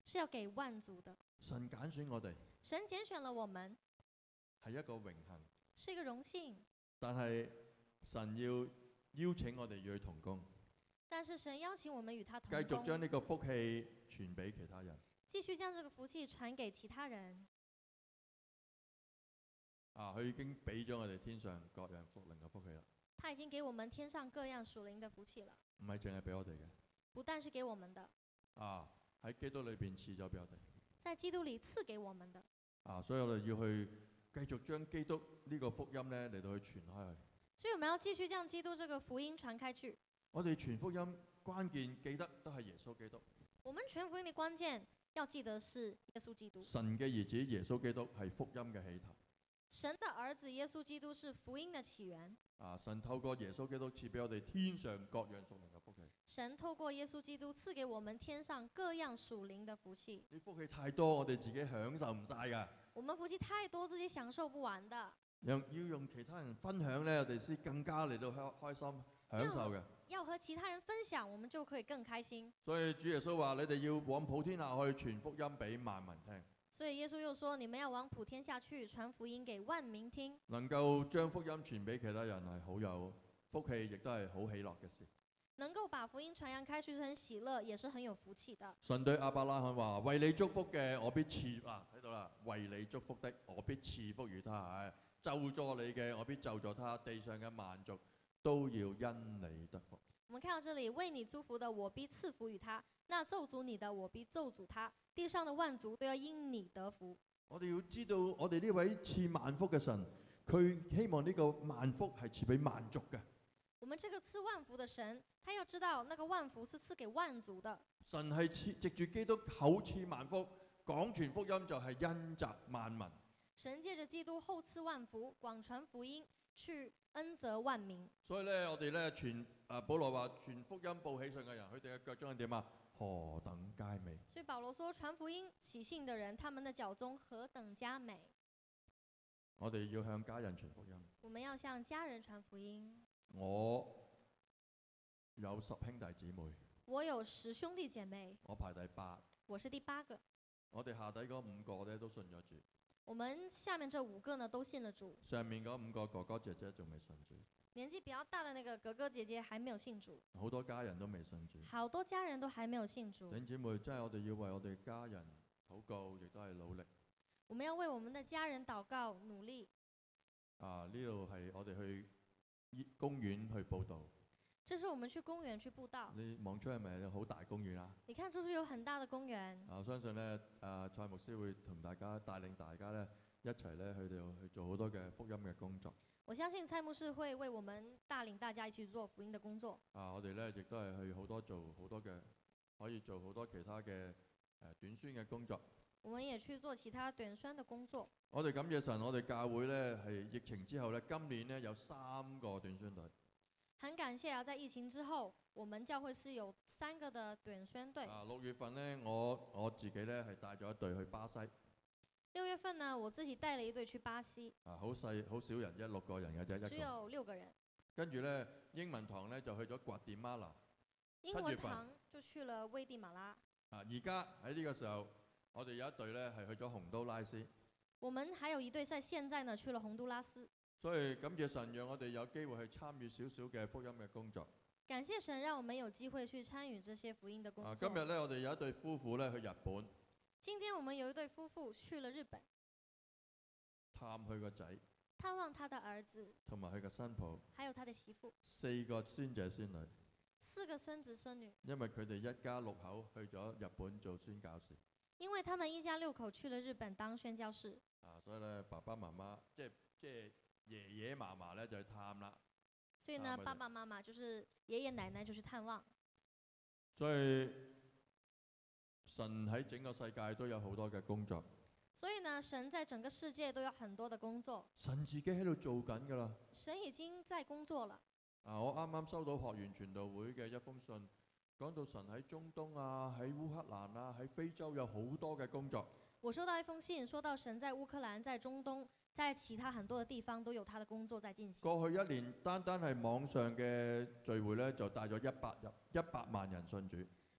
是要給萬族的。神揀選我哋。神揀選了我們。係一個榮幸。是一個榮幸。但係神要邀請我哋與佢同工。但是神邀請我們與他同工。繼續將呢個福氣傳俾其他人。繼續將這個福氣傳給其他人。啊，佢已經俾咗我哋天上各樣福靈嘅福氣啦。他已經給我們天上各樣屬靈嘅福氣了。唔係淨係俾我哋嘅。不但是給我們的。啊，喺基督裏邊賜咗俾我哋。在基督裏賜給我們的。啊，所以我哋要去繼續將基督呢個福音咧嚟到去傳開去。所以我們要繼續將基督這個福音傳開去。我哋傳福音關鍵記得都係耶穌基督。我們傳福音嘅關鍵。要記得是耶穌基督，神嘅兒子耶穌基督係福音嘅起頭。神嘅兒子耶穌基督是福音嘅起，起源。啊，神透過耶穌基督賜俾我哋天上各樣屬靈嘅福氣。神透過耶穌基督賜給我們天上各樣屬靈的福氣。你福氣太多，我哋自己享受唔晒噶。我哋福氣太多，自己享受不完的。用要用其他人分享咧，我哋先更加嚟到開開心。享受嘅，要和其他人分享，我們就可以更開心。所以主耶穌話：你哋要往普天下去傳福音俾萬民聽。所以耶穌又說：你們要往普天下去傳福音給萬民聽。能夠將福音傳俾其他人係好有福氣，亦都係好喜樂嘅事。能夠把福音傳揚開去，是很喜樂，也是很有福氣的。神對亞伯拉罕話：為你祝福嘅，我必賜啊，睇到啦，為你祝福的，我必賜、啊、福與他，唉、哎，咒詛你嘅，我必咒詛他。地上嘅萬族。都要因你得福。我們看到這裏，為你祝福的，我必賜福於他，那咒詛你的，我必咒詛他。地上的萬族都要因你得福。我哋要知道，我哋呢位賜萬福嘅神，佢希望呢個萬福係賜俾萬族嘅。我們這個賜萬福嘅神，他要知道那個萬福是賜給萬族的。神係賜藉住基督口賜萬福，廣傳福音就係恩澤萬民。神借着基督後賜萬福，廣傳福音。去恩澤萬民，所以咧，我哋咧傳，啊、呃，保羅話傳福音報喜信嘅人，佢哋嘅腳蹤係點啊？何等佳美！所以保羅說，傳福音喜信嘅人，他們嘅腳蹤何等佳美？我哋要向家人傳福音。我們要向家人傳福音。我有十兄弟姊妹。我有十兄弟姐妹。我排第八。我是第八個。我哋下底嗰五個咧都信咗主。我們下面這五個呢都信了主，上面嗰五個哥哥姐姐仲未信主。年紀比較大的那個哥哥姐姐還沒有信主，好多家人都未信主。好多家人都還沒有信主。頂姐，姐妹，真係我哋要為我哋家人禱告，亦都係努力。我們要為我們的家人禱告，努力。啊，呢度係我哋去公園去報道。這是我們去公園去步道。你望出係咪有好大公園啊？你看出去有很大的公園。我相信呢，誒、啊，蔡牧師會同大家帶領大家呢，一齊呢去到去做好多嘅福音嘅工作。我相信蔡牧師會為我們帶領大家一齊做福音嘅工作。啊，我哋呢亦都係去好多做好多嘅，可以做好多其他嘅誒、呃、短宣嘅工作。我們也去做其他短宣嘅工作。我哋感謝神，我哋教會呢，係疫情之後呢，今年呢有三個短宣隊。很感謝啊！在疫情之後，我們教會是有三個的短宣隊。啊，六月份呢，我我自己咧係帶咗一隊去巴西。六月份呢，我自己帶了一隊去巴西。啊，好細，好少人，一六個人嘅啫，一，只有六個人。跟住咧，英文堂咧就去咗瓜地馬拉。英文堂就去了危地馬拉。啊，而家喺呢個時候，我哋有一隊咧係去咗洪都拉斯。我們還有一隊在現在呢，去了洪都拉斯。所以感謝神讓我哋有機會去參與少少嘅福音嘅工作。感謝神讓我們有機會去參與這些福音嘅工作。今日咧，我哋有一對夫婦咧去日本。今天我們有一對夫婦去了日本，探佢個仔。探望他的兒子。同埋佢嘅新抱。還有他的媳婦。四個孫仔孫女。四個孫子孫女。因為佢哋一家六口去咗日本做宣教士。因為他們一家六口去了日本當宣教士。啊，所以咧，爸爸媽媽即即。即即即爺爺嫲嫲咧就去探啦，所以呢，爸爸媽媽就是爺爺、就是、奶奶就是探望。所以神喺整個世界都有好多嘅工作。所以呢，神在整個世界都有很多嘅工作。神自己喺度做緊噶啦。神已經在工作了。啊，我啱啱收到學園傳道會嘅一封信，講到神喺中東啊，喺烏克蘭啊，喺非洲有好多嘅工作。我收到一封信，說到神在烏克蘭，在中東。在其他很多的地方都有他的工作在進行。過去一年，單單係網上嘅聚會咧，就帶咗一百人、一百萬人信主。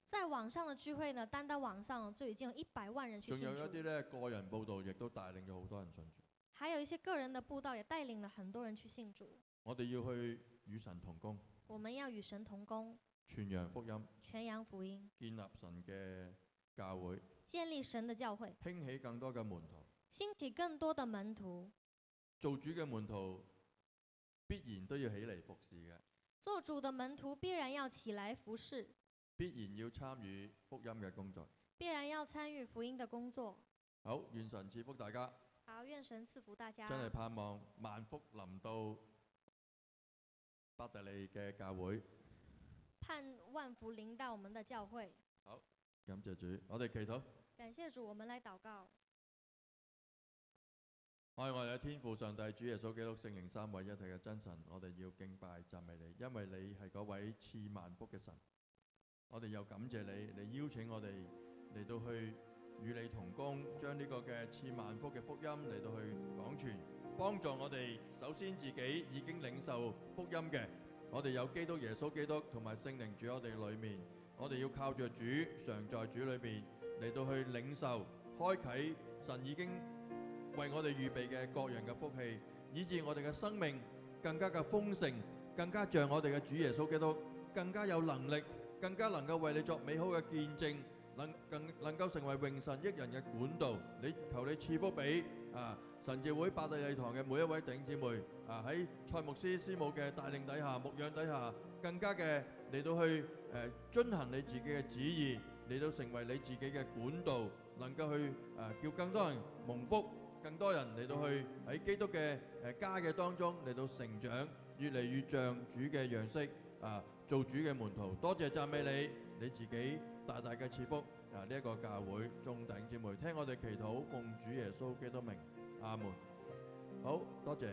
在網上的聚會呢，單單網上就已經有一百萬人去信主。仲有一啲咧，個人布道亦都帶領咗好多人信主。還有一些個人的布道也帶領了很多人去信主。我哋要去與神同工。我們要與神同工。傳揚福音，傳揚福音。建立神嘅教會，建立神嘅教會。興起更多嘅門徒。興起更多的門徒，做主嘅門徒必然都要起嚟服侍。嘅。做主嘅門徒必然要起嚟服侍，必然要參與福音嘅工作，必然要參與福音嘅工作。好，願神賜福大家。好，願神賜福大家。真係盼望萬福臨到巴特利嘅教會，盼萬福臨到我們嘅教會。好，感謝主，我哋祈禱。感謝主，我們來禱告。我哋嘅天父、上帝、主耶穌基督、聖靈三位一體嘅真神，我哋要敬拜讚美你，因為你係嗰位賜萬福嘅神。我哋又感謝你，你邀請我哋嚟到去與你同工，將呢個嘅賜萬福嘅福音嚟到去講傳，幫助我哋。首先自己已經領受福音嘅，我哋有基督耶穌基督同埋聖靈住我哋裏面，我哋要靠着主，常在主裏面嚟到去領受、開啟神已經。為我哋預備嘅各樣嘅福氣，以致我哋嘅生命更加嘅豐盛，更加像我哋嘅主耶穌基督，更加有能力，更加能夠為你作美好嘅見證，能更能夠成為榮神益人嘅管道。你求你賜福俾啊神召會百利禮堂嘅每一位弟兄姊妹啊，喺蔡牧師師母嘅帶領底下牧養底下，更加嘅嚟到去誒遵行你自己嘅旨意，嚟到成為你自己嘅管道，能夠去誒叫更多人蒙福。更多人嚟到去喺基督嘅誒家嘅當中嚟到成長，越嚟越像主嘅樣式啊，做主嘅門徒。多謝讚美你，你自己大大嘅賜福啊！呢一個教會眾弟兄姊妹，聽我哋祈禱，奉主耶穌基督名，阿門。好多謝。